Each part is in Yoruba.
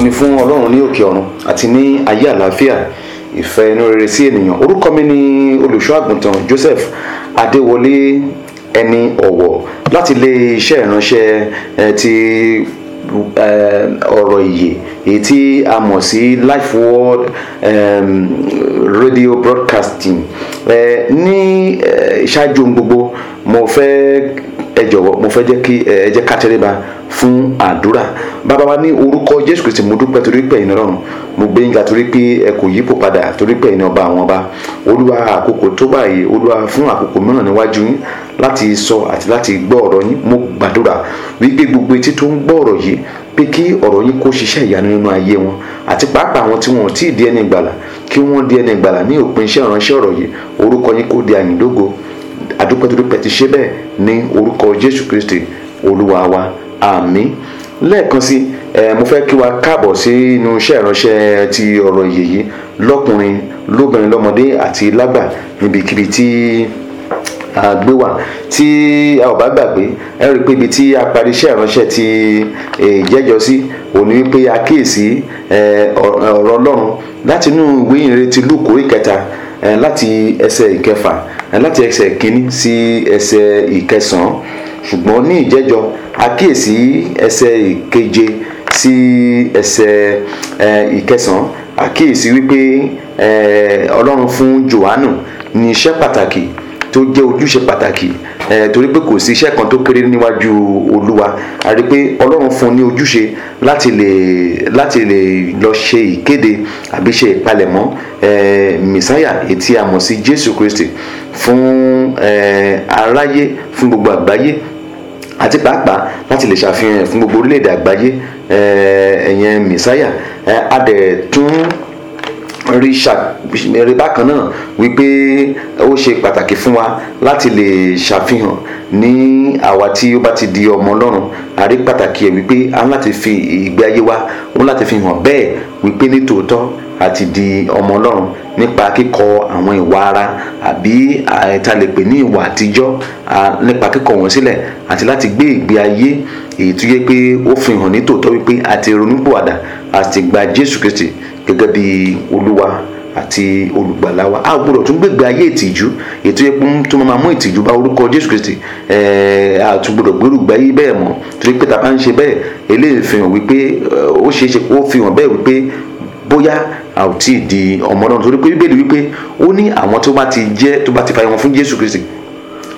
ògo ni fún ọlọ́run ní òkè ọ̀run àti ní ayé àlàáfíà ìfẹ́ inú rere sí ènìyàn orúkọ mi ni olùṣọ́ àgùntàn Joseph Adéwọlé ẹni ọ̀wọ̀ láti ilé iṣẹ́ ìránṣẹ́ ti ọ̀rọ̀ ìyè èyí tí a mọ̀ sí Life Word um, radio broadcasting ní ṣáájú gbogbo mo fẹ́ ẹ jọ̀wọ́ mo fẹ́ jẹ́ kí ẹ jẹ́ ká tẹríba fún àdúrà bàbá wa ní orúkọ jésù kristi mo dúpẹ́ torí pé ẹ̀yin ọlọ́run mo gbé yín ga torí pé ẹ kò yípo padà torí pé ẹ̀yin ọba àwọn ọba olúwa àkókò tó báyìí olúwa fún àkókò mìíràn níwájú yín láti sọ àti láti gbọ́ ọ̀rọ̀ yín mo gbàdúrà wípé gbogbo etí tó ń gbọ́ ọ̀rọ̀ yìí pé kí ọ̀rọ̀ yín kó ṣiṣẹ́ ìyanu nínú ayé wọn àti pàápàá àwọn tí wọn ò tí di ẹni ìgbàlà kí wọ́n di ẹni ìgbàlà ní òpin iṣẹ́ ìránṣẹ́ ọ̀rọ̀ yìí orúkọ yín kó di àyìndógo àdúpẹ́ torí ti ṣe bẹ́ẹ̀ ní orúkọ jésù kristi olúwa wa àmín lẹ́ẹ̀kan sí ẹ mo fẹ́ kí wa káàbọ̀ sínú iṣẹ́ ìránṣẹ́ ti ọ̀rọ̀ yèyí lọ́kùnrin lóbìnrin lọ́mọdé àti lágbà níbikíbi tí a gbé wà tí a ò bá gbàgbé ẹ rí i pé ibi tí a parí iṣẹ́ ìránṣẹ́ ti ìjẹ́jọ́ sí òní wípé a kíyèsí ọ̀rọ̀ ọlọ́run láti inú ìwé ìrere ti Lúùkù láti ẹsẹ̀ ìkẹfà láti ẹsẹ̀ ìkíní sí ẹsẹ̀ ìkẹsàn-án ṣùgbọ́n ní ìjẹ́jọ́ àkíyèsí ẹsẹ̀ ìkeje sí ẹsẹ̀ ìkẹsàn-án àkíyèsí wípé ọlọ́run fún Jòhánù ní iṣẹ́ pàtàkì tó jẹ́ ojúṣe pàtàkì torí pé kò sí iṣẹ́ kan tó kéré níwájú olúwa a rí i pé ọlọ́run fún un ní ojúṣe láti lè láti lè lọ ṣe ìkéde àbí ṣe ìpalẹ̀mọ́ mẹsáyà ètí a mọ̀ sí jésù kristi fún aráyé fún gbogbo àgbáyé àti pàápàá láti lè ṣàfihàn fún gbogbo orílẹ̀-èdè àgbáyé ẹ̀yẹn mẹsáyà a dẹ̀ tún rí rí bákan náà wípé ó ṣe pàtàkì fún wa láti lè ṣàfihàn ní àwa tí ó bá ti di ọmọ ọlọ́run àrí pàtàkì ẹ̀ wípé a láti fi ìgbé ayé wa wọn láti fi hàn bẹ́ẹ̀ wípé ní tòótọ́ àti di ọmọ ọlọ́run nípa kíkọ àwọn ìwà ara àbí ta lè pè ní ìwà àtijọ́ nípa kíkọ wọn sílẹ̀ àti láti gbé ìgbé ayé èyí tó yẹ pé ó fi hàn ní tòótọ́ wípé àti ronúpìwàdà àti gba Jésù Kristi gẹ́gẹ́ bí olúwa àti olùgbàlà wa a gbọ́dọ̀ tún gbégbé ayé ìtìjú ètò yẹ tó máa mú ìtìjú bá orúkọ jésù kristi a tún gbọ́dọ̀ gbèrú gbé ayé bẹ́ẹ̀ mọ́ torí pé tàbá ń ṣe bẹ́ẹ̀ eléyìí fi hàn wípé ó ṣeé ṣe ó fi hàn bẹ́ẹ̀ wípé bóyá a ò tí ì di ọmọ náà torí pé bíbélì wípé ó ní àwọn tó bá ti jẹ́ tó bá ti fàyè wọn fún jésù kristi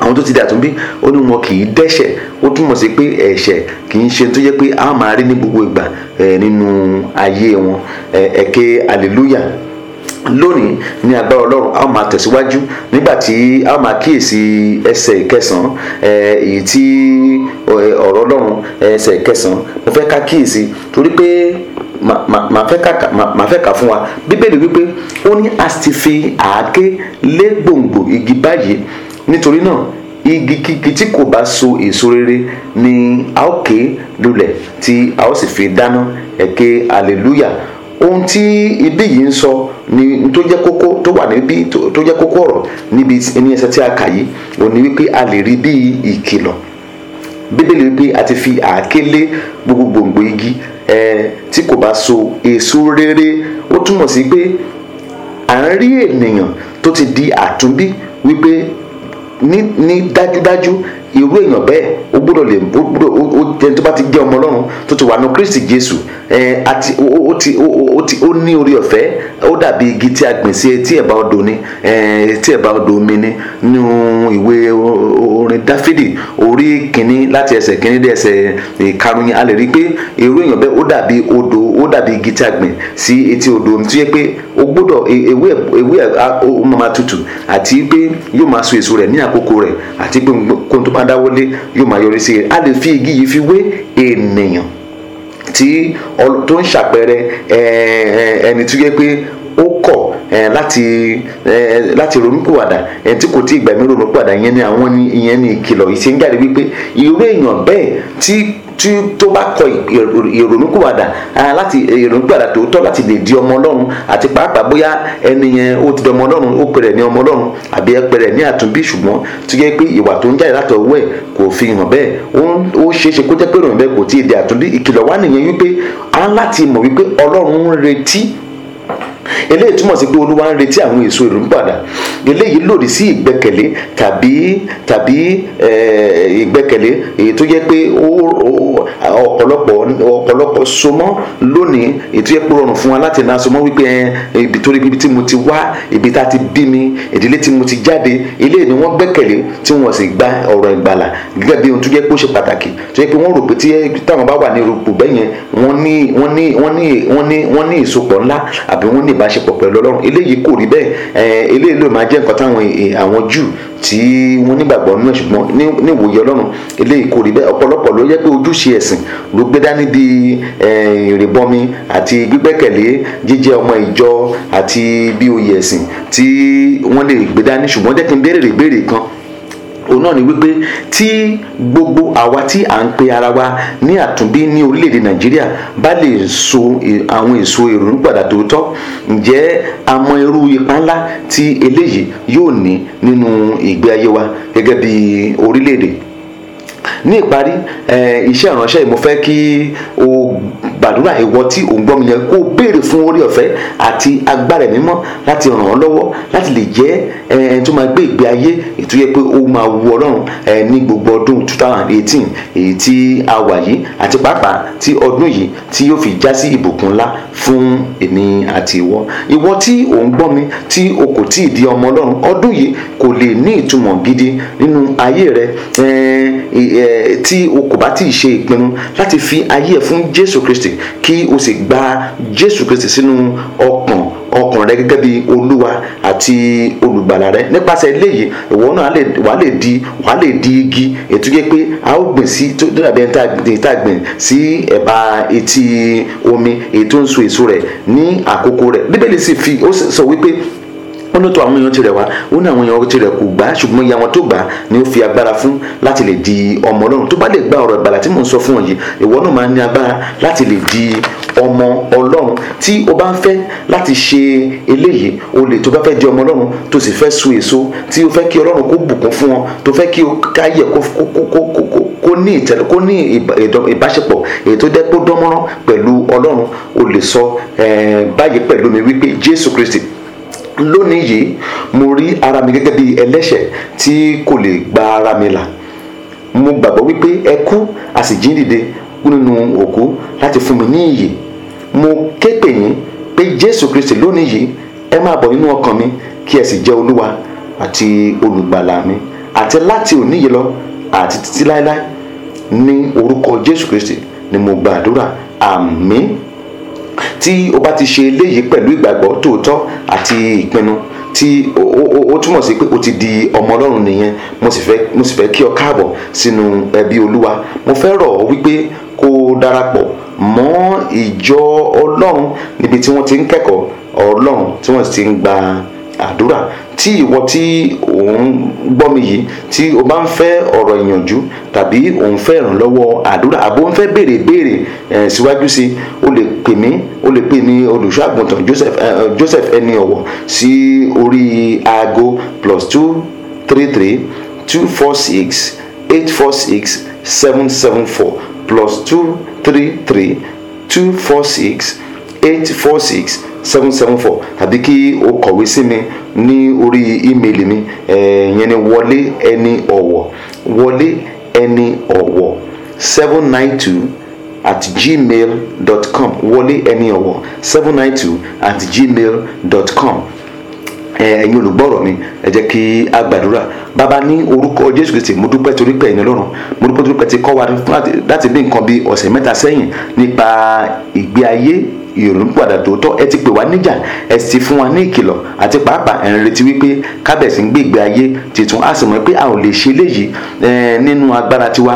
àwọn tó ti dà tún bí ó ní wọn kì í dẹ́ṣẹ̀ ó túmọ̀ sí pé ẹ̀ṣẹ̀ kì í ṣe tó yẹ pé a máa rí ní gbogbo ìgbà nínú ayé wọn ẹ̀kẹ́ hallelujah lónìí ní agbára ọlọ́run a ó máa tẹ̀síwájú nígbà tí a ó máa kíyèsí ẹsẹ̀ ìkẹsàn-án èyí tí ọ̀rọ̀ ọlọ́run ẹsẹ̀ ìkẹsàn-án mo fẹ́ ká kíyèsí torí pé màá fẹ́ kà fún wa bíbélì wípé ó ní a sì ti fi àáké lé gbòǹgbò igi báyìí nítorí náà igi kíkí tí kò bá so èso rere ni a ó ké lulẹ̀ tí a ó sì fi dáná ẹ̀kẹ́ aleluya ohun tí ibí yìí ń sọ ni tó jẹ́ kókó tó wà níbí tó jẹ́ kókó ọ̀rọ̀ níbi ní ẹsẹ̀ tí a kà yìí òun ni wípé a lè rí bí ìkìlọ̀ bíbélì wípé a ti fi àáké lé gbogbo gbòǹgbò igi tí kò bá so èso rere ó túmọ̀ sí pé à ń rí ènìyàn tó ti di àtúnbí wípé ní ní dájúdájú irú èèyàn bẹ́ẹ̀ ó gbọ́dọ̀ lè ó gbọ́dọ̀ ó jẹun tó bá ti jẹ́ ọmọ ọlọ́run tó ti wà nù Kristi Jésù Ati ó ti ó ti ó ní orí ọ̀fẹ́ ó dàbí igi tí a gbìn sí etí ẹ̀bá odò ni etí ẹ̀bá odò omi ni nínú ìwé orin Dáfídì orí kìíní láti ẹsẹ̀ kìíní dé ẹsẹ̀ ìkarùn yẹn a lè rí i pé irú èèyàn bẹ́ẹ̀ ó dàbí odò ó dàbí igi tí a gbìn sí etí odò omi tó yẹ pé ó gbọ́dọ̀ e, ewé ewé ó máa tutù àti pé yóò máa so èso rẹ̀ ní àkókò rẹ̀ àti pé kó tó bá dáwọ́lé yóò máa yọrí sí a lè fi igi yìí fi wé ènìyàn tí tó ń ṣàpẹẹrẹ ẹni tó yẹ pé ó kọ̀ láti láti ronúpìwàdà tí kò tí ì gbàmí ronúpìwàdà yẹn ni àwọn ni ìyẹn ni ìkìlọ̀ yìí ṣe ń jáde wípé irú èèyàn bẹ́ẹ̀ tí tí tó bá kọ ìrònúkúwàdà láti ìrònúkúwàdà tòótọ́ láti lè di ọmọ ọlọ́run àti pàápàá bóyá ẹni yẹn ó ti di ọmọ ọlọ́run ó pèrè ní ọmọ ọlọ́run àbí ẹ pèrè ní àtúnbí ṣùgbọ́n tó yẹ pé ìwà tó ń jáde látọ̀ wẹ̀ kò fi hàn bẹ́ẹ̀ ó ṣeéṣe kó jẹ́ pé ìròyìn bẹ́ẹ̀ kò tí ì di àtúnbí ìkìlọ̀ wá nìyẹn wípé a láti mọ̀ wípé ọlọ́run ń retí eléyìí túmọ̀ sí pé olúwa ń retí àwọn èso ìrúpadà eléyìí lòdì sí ìgbẹ́kẹ̀lé tàbí tàbí eh, ìgbẹ́kẹ̀lé èyí tó yẹ pé ọ̀pọ̀lọpọ̀ ọ̀pọ̀lọpọ̀ somọ́ lónìí èyí tó yẹ pé rọrùn fún wa láti náà somọ́ wípé eh, ibi torí ibi tí mo ti wá ibi tá a ti bí mi ìdílé tí mo ti jáde eléyìí ni wọ́n gbẹ́kẹ̀lé tí wọ́n sì gba ọ̀rọ̀ ìgbàlà gẹ́gẹ́ bí ohun tó yẹ pé ó ṣe pàtàkì tó yẹ pé wọ́n rò pé tí táwọn bá wà ní irúpò bẹ́yẹn wọ́n ní ìbáṣepọ̀ pẹ̀lú ọlọ́run eléyìí kò rí bẹ́ẹ̀ eléyìí ló máa jẹ́ nǹkan táwọn àwọn jù tí wọ́n nígbàgbọ́ nínú ẹ̀ ṣùgbọ́n níwòye ọlọ́run eléyìí kò rí bẹ́ẹ̀ ọ̀pọ̀lọpọ̀ ló yẹ pé ojúṣe ẹ̀sìn ló gbé dání di ìrìbọmi àti gbígbẹ́kẹ̀lé jíjẹ́ ọmọ ìjọ àti bí oyè ẹ̀sìn tí wọ́n lè gbé dání ṣùgbọ́n jẹ́ kí n béèrè ìbéèrè kan òun náà ni wípé tí gbogbo àwa tí à ń pe ara wa ní àtúnbí ní orílẹ̀-èdè nàìjíríà bá lè so àwọn èso ìrònú padà tòótọ́ ǹjẹ́ a mọ irú ipa ńlá tí eléyìí yóò ní nínú ìgbé ayé wa gẹ́gẹ́ bí orílẹ̀-èdè ní ìparí iṣẹ́ ìránṣẹ́ yìí mo fẹ́ kí o gbàdúrà ìwọ tí ò ń gbọ́ mi yẹn kó o béèrè fún orí ọ̀fẹ́ àti agbára mímọ́ láti ràn ọ́ lọ́wọ́ láti lè jẹ́ ẹni tó máa gbé ìgbé ayé ètò yẹ pé ó máa wu ọlọ́run ní gbogbo ọdún two thousand eighteen èyí tí a wà yìí àti pàápàá tí ọdún yìí tí yóò fi já sí ìbùkún ńlá fún èmi àti ìwọ ìwọ tí ò gbọ́ mi tí o kò tíì di ọmọ ọlọ́run ọdún yìí kò lè ní ìtumọ̀ gidi nínú ayé rẹ tí o kò bá tíì ṣe ìpinnu láti fi ayé ẹ fún Jésù Kristi ẹ̀ṣẹ̀ kí o sì gba jésù kristi sínú ọkàn ọkàn rẹ gẹ́gẹ́ bí olúwa àti olùgbàlà rẹ nípasẹ̀ eléyìí ìwọ náà wàá lè di wàá lè di igi ètò yẹ pé a ó gbìn sí tó dàbí ẹni tá gbìn sí ẹ̀bá etí omi èyí tó ń so èso rẹ̀ ní àkókò rẹ̀ bíbélì sì fi ó sọ wípé wọ́n lọ́tọ̀ àwọn èèyàn tirẹ̀ wá wọ́n ní àwọn èèyàn tirẹ̀ kò gbà ṣùgbọ́n ìyá wọn tó gbà ni ó fi agbára fún láti lè di ọmọ Ọlọ́run tó bá lè gba ọ̀rọ̀ ìgbàlà tí mò ń sọ fún ọ yìí ìwọ náà máa ní agbára láti lè di ọmọ Ọlọ́run tí o bá ń fẹ́ láti ṣe eléyìí o lè tó bá fẹ́ di ọmọ Ọlọ́run tó sì fẹ́ so èso tí o fẹ́ kí Ọlọ́run kó bùkún fún ọ tó fẹ́ kí o káyẹ̀ kó kó ní ìtẹ̀lẹ̀ kó ní ìbáṣepọ̀ èyí tó dẹ́ kó dánmọ́rán pẹ̀lú Ọlọ́run o lè sọ báyìí pẹ̀lú mi wípé Jésù Kristi lónìí yìí mo rí ara mi gẹ́gẹ́ bí ẹlẹ́ṣẹ̀ tí kò lè gba ara mi là mo gbàgbọ́ wípé ẹ kú a sì jí dìde kú nínú òkú láti fún mi ní ìyè mo ké pè yín pé Jésù Kristi lónìí yìí ẹ máa bọ̀ nínú ọkàn mi kí ẹ sì jẹ́ olúwa àti olùgbàlà mi àti láti òní yìí lọ àti títí láéláé ní orúkọ Jésù Kristi ni mo gbàdúrà àmín tí o bá ti ṣe eléyìí pẹ̀lú ìgbàgbọ́ tòótọ́ àti ìpinnu tí ó túmọ̀ sí pé o ti di ọmọ ọlọ́run nìyẹn mo sì fẹ́ mo sì fẹ́ kí ọ káàbọ̀ sínú ẹbí olúwa mo fẹ́ rọ̀ ọ́ wípé kó o darapọ̀ mọ́ ìjọ ọlọ́run níbi tí wọ́n ti ń kẹ́kọ̀ọ́ ọlọ́run tí wọ́n ti ń gba àdúrà tí ìwọ tí òun gbọ́ mi yìí tí o bá ń fẹ́ ọ̀rọ̀ ìyànjú tàbí òun fẹ́ ìrànlọ́wọ́ àdúrà àbò ń fẹ́ béèrè béèrè síwájú sí o lè pè mí o lè pè mí olùṣọ́ Joseph Joseph ẹni ọ̀wọ̀ sí orí aago plus two three three two four six eight four six seven seven four plus two three three two four six eight four six seven seven four tàbí kí o kọ̀wé sí mi ní orí ímeèlì mi ìyẹn ni wọlé ẹni ọ̀wọ̀ wọlé ẹni ọ̀wọ̀ seven nine two at gmail dot com wọlé ẹni ọ̀wọ̀ seven nine two at gmail dot com ẹ̀yin olùgbọ́rọ̀ mi ẹ jẹ́ kí a gbàdúrà bàbá ní orúkọ jésù kristi mo dúpẹ́ torí pé ẹ̀yin ọlọ́run mo dúpẹ́ torí pé ti kọ́ wa láti ní nǹkan bíi ọ̀sẹ̀ mẹ́ta sẹ́yìn nípa ìgbé ayé ìrònúpìwàdà tòótọ́ ẹ ti pè wá níjà ẹ sì fún wa ní ìkìlọ̀ àti pàápàá ẹ̀ ń retí wípé kábẹ̀sì ń gbègbè ayé tìtún á sì mọ̀ pé a ò lè ṣe eléyìí nínú agbára tiwa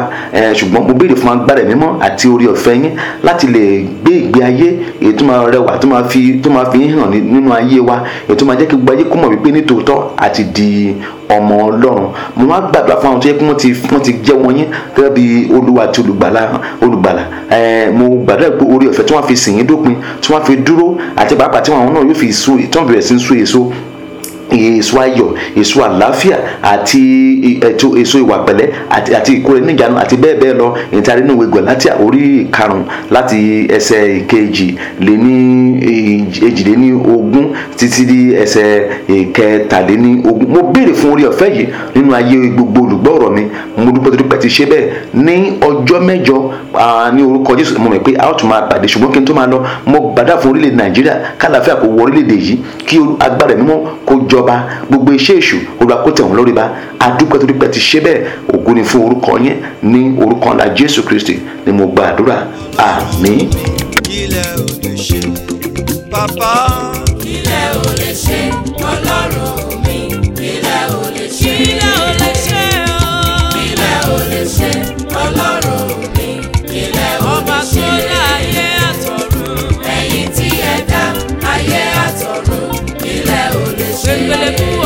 ṣùgbọ́n mo béèrè fún agbára ẹ̀mí mímọ́ àti orí ọ̀fẹ́ yín láti lè gbé ìgbé ayé èyí tó máa rẹwà tó máa fi tó máa fi hàn nínú ayé wa èyí tó máa jẹ́ kí gbogbo ayé kó mọ̀ wípé ní tòótọ́ àti di ọmọ ọlọ́run mo máa gbàdúrà fún àwọn tó yẹ kí wọ́n ti wọ́n ti jẹ́ wọn yín gẹ́gẹ́ bí olúwa àti olùgbàlà olù ìgbàlà mo gbàdúrà pé orí ọ̀fẹ́ tí wọ́n fi sìn yín dópin tí wọ́n fi dúró àti pàápàá tí wọ́n àwọn náà yóò fi so tí wọ́n bẹ̀rẹ̀ sí so èso èso ayọ̀ èso àlàáfíà àti ètò èso ìwà pẹ̀lẹ́ àti àti ìkóra níjànú àti bẹ́ẹ̀ bẹ́ẹ̀ lọ ìtarí nínú ìwé Gálátíà orí karùn láti ẹsẹ̀ ìkejì lé ní èjìléní ogún títí di ẹsẹ̀ ìkẹtàléní ogún mo béèrè fún orí ọ̀fẹ́ yìí nínú ayé gbogbo olùgbọ́ ọ̀rọ̀ mi mo dúpẹ́ tó dúpẹ́ ti ṣe bẹ́ẹ̀ ní ọjọ́ mẹ́jọ ní orúkọ Jésù mo mọ̀ pé a ó tún máa pàdé ṣùgbọ́n kí n tó máa lọ mo gbàdá fún orílẹ̀ Nàìjíríà kálàáfíà kó wọ orílẹ̀-èdè yìí kí agbára mímọ́ ìjọba gbogbo iṣẹ́ èṣù Olúwa kó tẹ̀ lórí ba adúpẹ́ torí pé ti ṣe bẹ́ẹ̀ ògo ni fún orúkọ yẹn ní orúkọ ńlá Jésù Kristi ni mo gba àdúrà àmín. kílẹ̀ ò lè ṣe bàbá kílẹ̀ ò lè ṣe ọlọ́run. Bele bua